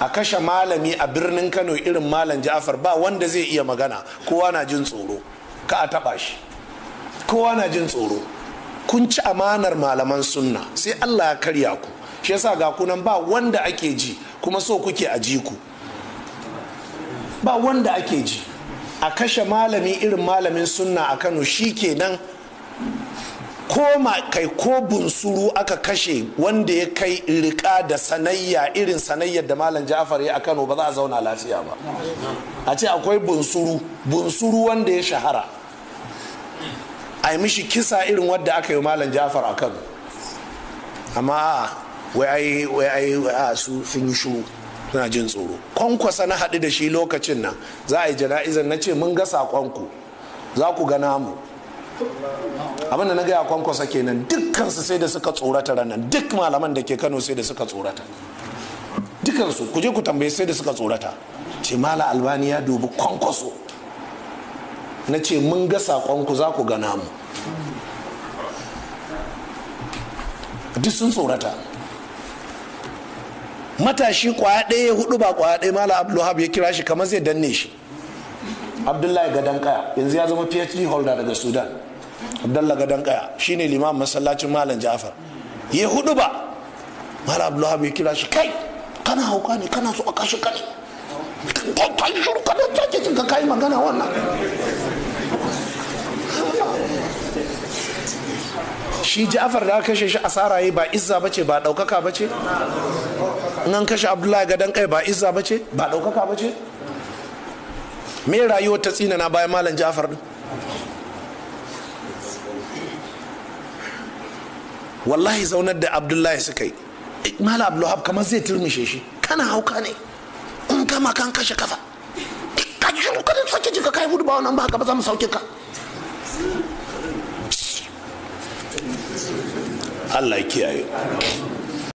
a kashe malami a birnin kano irin malam ja'afar ba wanda zai iya magana kowa na jin tsoro ka a taba shi kowa na jin tsoro kun ci amanar malaman sunna sai allah ya karya ku shi yasa ga kunan ba wanda ake ji kuma so kuke a ji ku ba wanda ake ji a kashe malami irin malamin sunna a kano shi kenan koma kai ko bunsuru aka kashe wanda ya kai rika da sanayya irin sanayyar da malam ja'far ya a kano ba za a zauna lafiya ba a ce akwai bunsuru bunsuru wanda ya shahara a yi mishi kisa irin wadda aka yi malam ja'far a kano amma wai ai a su sun yi shuru suna jin tsoro kwankwasa na haɗu da shi lokacin nan za a yi jana'izar na ce mun ga saƙonku za ku gana mu. abin da na gaya kwankwasa kenan dukkan su sai da suka tsorata ranar duk malaman da ke kano sai da suka tsorata dukkan ku je ku tambaye sai da suka tsorata ce mala albani ya dubi kwankwaso na ce mun ga ku za ku gana mu duk sun tsorata matashi kwaya ɗaya hudu ba kwaya ɗaya mala Abdullahab ya kira shi kamar zai danne shi abdullahi gadan kaya yanzu ya zama phd holder daga sudan abdullahi gadan kaya shine limamin masallacin malam ja'far ya hudu ba malam abdullahi ya kira shi kai kana hauka ne kana so a kashe kai kai shuru kana take jin ka kai magana wannan shi ja'far da kashe shi asara yi ba izza bace ba daukaka bace nan kashe abdullahi gadan kai ba izza bace ba daukaka bace me rayuwar ta tsinana bayan malam jafar din wallahi zaunar da abdullahi suka yi malam Abdullahi kamar zai turmishe shi kana hauka ne kun gama kan kashe kafa ka ji shiru kada sake jika kai hudu ba wannan ba haka ba za mu sauke ka Allah ya kiyaye